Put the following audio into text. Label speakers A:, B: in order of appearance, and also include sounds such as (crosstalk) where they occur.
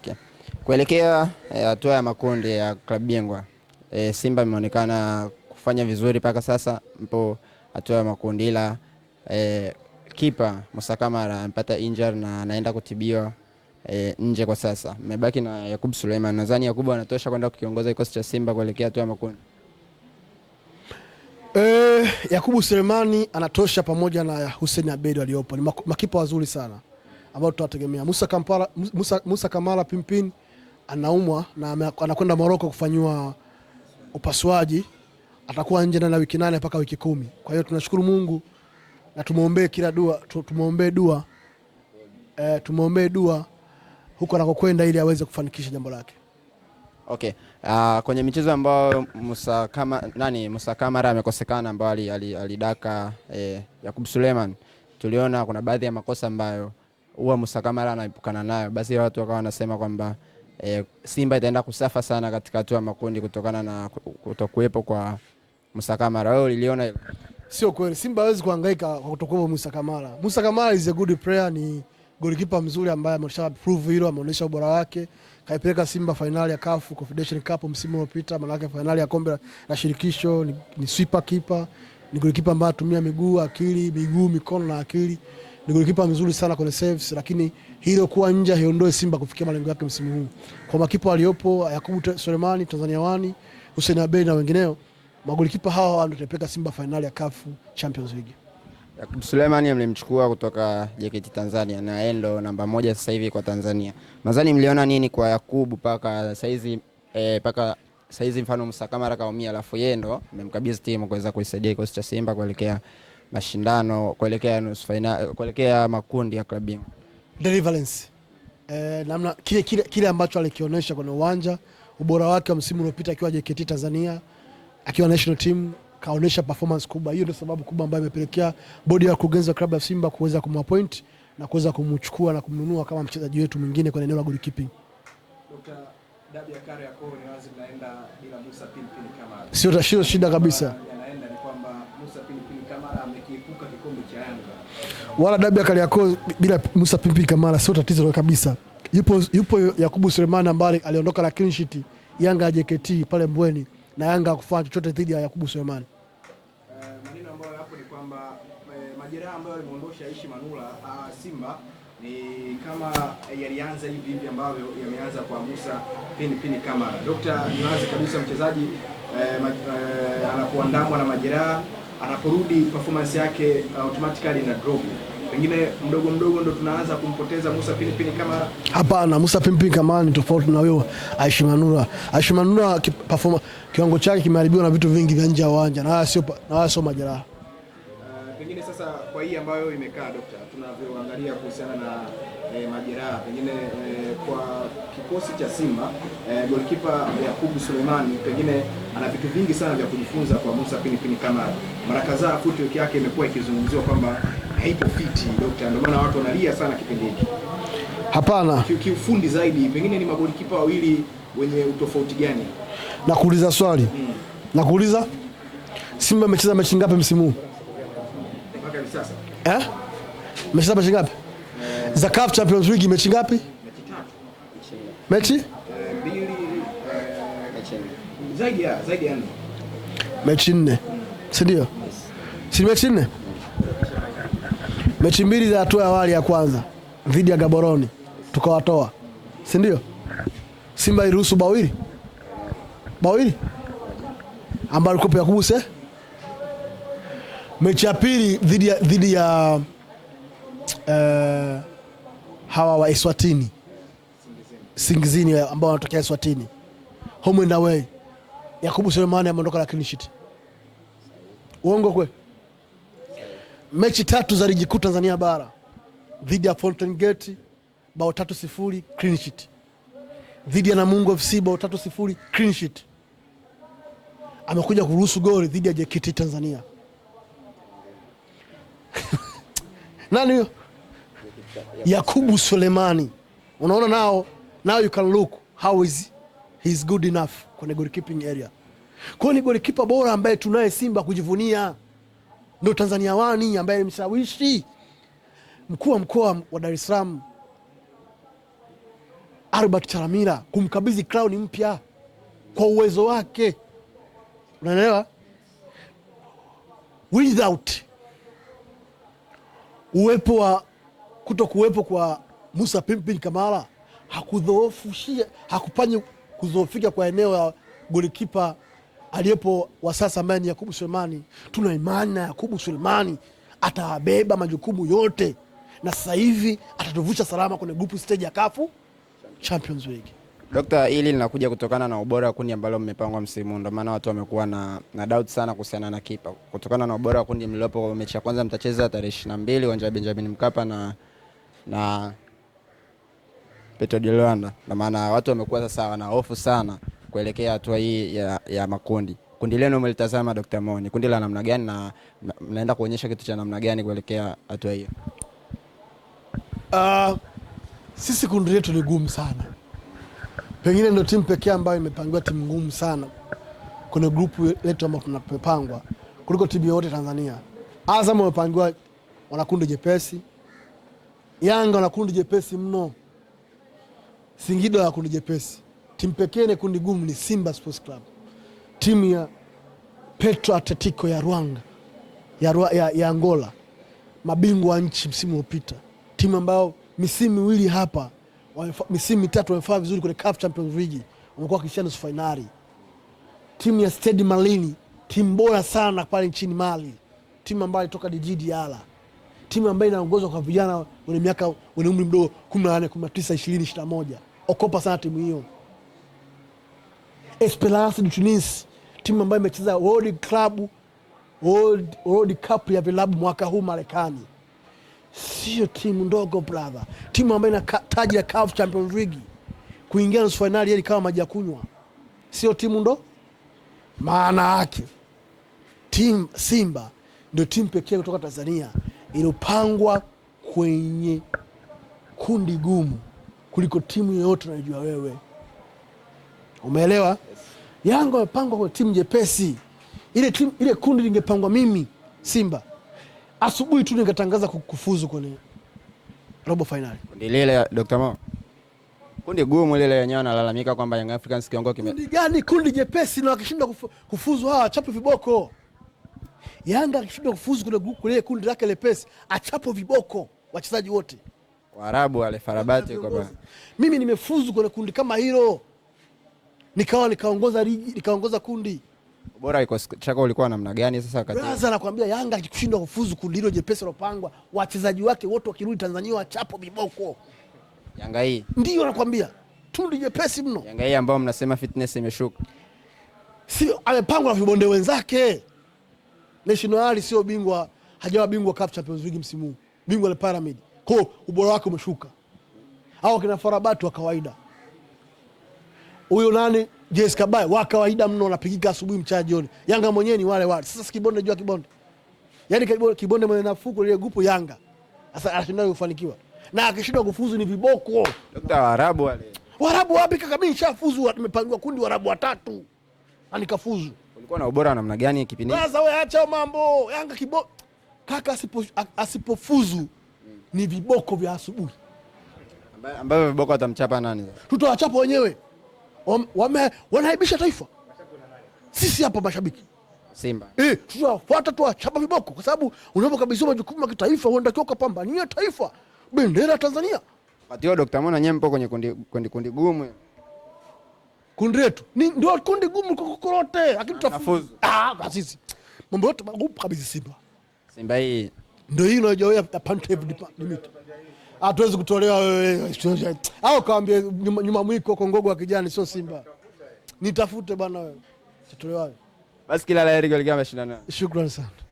A: Okay. Kuelekea eh, hatua ya makundi ya klabu bingwa e, Simba imeonekana kufanya vizuri mpaka sasa, mpo hatua ya makundi ila e, kipa Musa Kamara amepata injury na anaenda kutibiwa e, nje kwa sasa. Mmebaki na Yakub Suleiman. Nadhani Yakub anatosha kwenda kukiongoza kikosi cha Simba kuelekea hatua ya makundi.
B: Eh, Yakubu Sulemani anatosha pamoja na Hussein Abedi waliopo. Ni makipa wazuri sana ambao tutawategemea. Musa, Kampala, Musa, Musa Kamara Pimpin anaumwa na anakwenda Moroko kufanyiwa upasuaji, atakuwa nje na wiki nane mpaka wiki kumi. Kwa hiyo tunashukuru Mungu na tumuombee kila dua, tumuombee dua e, tumuombee dua huko anakokwenda ili aweze kufanikisha jambo lake.
A: Okay. Uh, kwenye michezo ambayo Musa kama nani Musa Kamara amekosekana ambayo alidaka ali, ali eh, Yakub Suleiman tuliona kuna baadhi ya makosa ambayo huwa Musa Musakamala anaepukana nayo, basi watu wakawa wanasema kwamba e, Simba itaenda kusafa sana katika hatua ya makundi kutokana na kutokuwepo kwa Musa Musakamala.
B: Wewe uliona hilo? Sio kweli, Simba hawezi kuhangaika kwa kutokuwepo Musa Musakamala is a good player, ni golikipa mzuri ambaye amesha prove hilo, ameonyesha ubora wake, kaipeleka Simba fainali ya CAF Confederation Cup msimu uliopita, maana yake fainali ya kombe la shirikisho. Ni, ni sweeper keeper, ni golikipa ambaye atumia miguu, akili, miguu, mikono na akili ni golikipa mzuri sana kwenye saves, lakini hilo kuwa nje haiondoe Simba kufikia malengo yake msimu huu. Kwa makipa waliopo Yakubu Sulemani, Tanzania Wani, Hussein Abedi na wengineo, magolikipa hawa ndio wanatupeleka Simba fainali ya CAF Champions League.
A: Yakubu Sulemani amlimchukua kutoka JKT Tanzania na yeye ndo namba moja sasa hivi kwa Tanzania. Nadhani mliona nini kwa Yakubu paka saizi eh, paka saizi mfano Musa Kamara kaumia, alafu yeye ndo amemkabidhi timu kuweza kuisaidia kikosi cha Simba kuelekea mashindano kuelekea nusu fainali, kuelekea makundi ya klabu bingwa.
B: Deliverance eh, namna kile, kile, kile ambacho alikionyesha kwenye uwanja, ubora wake wa msimu uliopita akiwa JKT Tanzania akiwa national team kaonesha performance kubwa. Hiyo ndio sababu kubwa ambayo imepelekea bodi ya wakurugenzi wa klabu ya Simba kuweza kumwapoint na kuweza kumchukua na kumnunua kama mchezaji wetu mwingine kwenye eneo la goalkeeping. Sio shida kabisa.
C: Yanaenda ni kwamba Musa Pilipili Kamara amekiepuka kikombe cha Yanga,
B: wala dabi ya Kariakoo bila Musa Pilipili Kamara sio tatizo kabisa. Yupo, yupo Yakubu Sulemani ambaye aliondoka na clean sheet Yanga ya JKT pale Mbweni na Yanga hakufanya chochote dhidi ya Yakubu Sulemani.
C: Eh, maneno ambayo hapo ni kwamba eh, majeraha ambayo alimuondosha Aishi Manula ah, Simba ni kama yalianza hivi hivi ambavyo yameanza kwa Musa Pilipili Kamara. Dokta, ni wazi kabisa mchezaji eh, eh, na majeraha anaporudi performance yake uh, automatically ina drop. Pengine mdogo mdogo ndo tunaanza kumpoteza Musa Pilipili kama
B: hapana. Musa Pilipili kama ni tofauti na huyo Aishimanura. Aishimanura performance kiwango chake kimeharibiwa na vitu vingi vya nje ya uwanja, na sio na sio majeraha.
C: Uh, pengine sasa kwa hii ambayo imekaa dokta, tunavyoangalia kuhusiana na eh, majeraha pengine eh, kwa kikosi cha Simba eh, golikipa Yakubu Suleimani pengine ana vitu vingi sana vya kujifunza kwa Musa Pini Kamara. Mara kadhaa footwork yake imekuwa ikizungumziwa kwamba haipo fiti dokta, ndio maana watu wanalia sana kipindi hiki. Hapana, kiufundi zaidi pengine ni magolikipa wawili wenye utofauti gani?
B: Na kuuliza swali hmm. Na kuuliza Simba amecheza mechi ngapi msimu huu mpaka hivi sasa eh? mechi ngapi eh. za CAF Champions League? Mechi ngapi? Mechi
C: tatu. Mechi zaidi ya zaidi ya nne
B: mechi nne, si ndio? Si mechi nne, mechi mbili za hatua ya awali ya kwanza dhidi ya Gaboroni tukawatoa, si ndio? Simba iruhusu bawili bawili ambayo alikuwa Mechi ya pili dhidi ya dhidi ya uh, hawa wa Eswatini Singizini ambao wanatokea Eswatini home and away Yakubu Sulemani ameondoka na clean sheet. Uongo kwe? Mechi tatu za ligi kuu Tanzania bara dhidi ya Fountain Gate bao tatu sifuri clean sheet, dhidi ya Namungo FC bao tatu sifuri clean sheet. Amekuja kuruhusu goli dhidi ya JKT Tanzania (laughs) nani huyo? Yakubu Sulemani. Unaona nao, now you can look how is he? is good enough kwenye goalkeeping area. Kwa hiyo ni goalkeeper bora ambaye tunaye Simba kujivunia, ndio Tanzania wani ambaye alimshawishi mkuu wa mkoa wa Dar es Salaam Albert Chalamila kumkabidhi crown mpya kwa uwezo wake, unaelewa without uwepo wa kuto kuwepo kwa Musa Pimpin Kamara hakudhoofushia hakupanya kuzofika kwa eneo ya golikipa aliyepo wa sasa ambaye ni Yakubu Sulemani. Tuna imani na Yakubu Sulemani atawabeba majukumu yote, na sasa hivi atatuvusha salama kwenye group stage ya kafu Champions League.
A: Dokta, hili linakuja kutokana na ubora wa kundi ambalo mmepangwa msimu, ndio maana watu wamekuwa na, na doubt sana kuhusiana na kipa, kutokana na ubora wa kundi mliopo. Mechi ya kwanza mtacheza tarehe 22 uwanja wa Benjamin Mkapa na, na Petro de Luanda, na maana watu wamekuwa sasa wana hofu sana kuelekea hatua hii ya, ya makundi. Kundi lenu umelitazama Dr. Moni, kundi la namna gani na mnaenda kuonyesha kitu cha namna gani kuelekea hatua hiyo?
B: Uh, sisi kundi letu ni gumu sana, pengine ndio timu pekee ambayo imepangiwa timu ngumu sana kwenye grupu letu ambayo tunapepangwa kuliko timu yote Tanzania. Azam wamepangiwa wanakundi jepesi, Yanga wanakundi jepesi mno. Singida wa kundi jepesi, timu pekee ni kundi gumu ni Simba Sports Club, timu ya Petro Atletico ya Rwanda ya, ya, ya Angola, mabingwa wa nchi msimu uliopita, timu ambayo misimu miwili hapa misimu mitatu wamefanya vizuri kwenye CAF Champions League, wamekuwa wakishia nusu fainali. Timu ya Stade Malini, timu bora sana pale nchini Mali, timu ambayo alitoka Djigui Diarra, timu ambayo inaongozwa kwa vijana wenye miaka wenye umri mdogo 18, 19, 20, 21 okopa sana timu hiyo. Esperance de Tunis, timu ambayo imecheza World Club World, World Cup ya vilabu mwaka huu Marekani, sio timu ndogo brother, timu ambayo ina taji ya CAF Champions League, kuingia nusu finali ili kama maji ya kunywa, sio timu ndo. Maana yake timu Simba ndio timu pekee kutoka Tanzania iliyopangwa kwenye kundi gumu kuliko timu yoyote unayojua wewe. Umeelewa? Yes. Yanga amepangwa kwa timu nyepesi. Ile timu ile kundi lingepangwa mimi Simba, asubuhi tu ningetangaza kufuzu kwenye robo fainali.
A: Kundi lile Dr. Mo. Kundi gumu lile yenyewe wanalalamika kwamba Young Africans kiongo kime.
B: Kundi gani? Kundi jepesi na wakishinda kufuzu hawa achape viboko. Yanga akishinda kufuzu kule kule kundi lake lepesi achapo viboko wachezaji wote.
A: Waarabu wale Farabati kwa
B: mimi nimefuzu kwenye kundi kama hilo, nikawa nikaongoza ligi, nikaongoza kundi.
A: Bora iko chako ulikuwa namna gani sasa kati
B: Sasa nakwambia Yanga ikishindwa kufuzu kundi hilo jepesi lopangwa, wachezaji wake wote wakirudi Tanzania wachapo biboko. Yanga hii. Ndio nakwambia. Tundu jepesi mno.
A: Yanga hii ambao mnasema fitness imeshuka.
B: Sio amepangwa na vibonde wenzake. National sio bingwa, hajawa bingwa Cup Champions League msimu huu. Bingwa la Pyramid. Kwa ubora wake umeshuka. Au akina Farabatu wa kawaida, huyo nani Jesse Kabaye wa kawaida mno, anapigika asubuhi, mchana, jioni. Yanga mwenyewe ni wale wale. Sasa Kibonde jua Kibonde, yani Kibonde mwenye nafuku ile gupu Yanga sasa anashinda kufanikiwa na akishindwa kufuzu ni viboko.
A: Dokta, Waarabu wale
B: Waarabu wapi kaka? Mimi nishafuzu, tumepangiwa kundi Waarabu watatu na nikafuzu.
A: Ulikuwa na ubora namna gani kipindi?
B: Sasa wewe acha mambo Yanga Kibonde kaka asipo, asipofuzu ni viboko vya asubuhi
A: ambavyo viboko atamchapa nani?
B: Tutawachapa wenyewe, wame wanaibisha taifa. Sisi hapa mashabiki Simba eh, tutawafuata tuwachapa viboko, kwa sababu unapokabidhiwa majukumu ya kitaifa unatakiwa ukapambania taifa, bendera Tanzania.
A: Patio Dr. Mona nyewe mpo kwenye kundi, kundi, kundi gumu
B: kundi letu ni ndio kundi gumu kwa kokorote, lakini tutafuzu. Ah, sisi mambo yote magumu kabisa. Simba Simba hii ndio hii unaojua pantable Hatuwezi kutolewa wewe. Eh, eh, au kaambie nyuma mwiko kongogo wa kijani sio Simba. Nitafute bwana wewe. Sitolewa.
A: Basi kila la heri kwa mashindano.
B: Shukrani sana.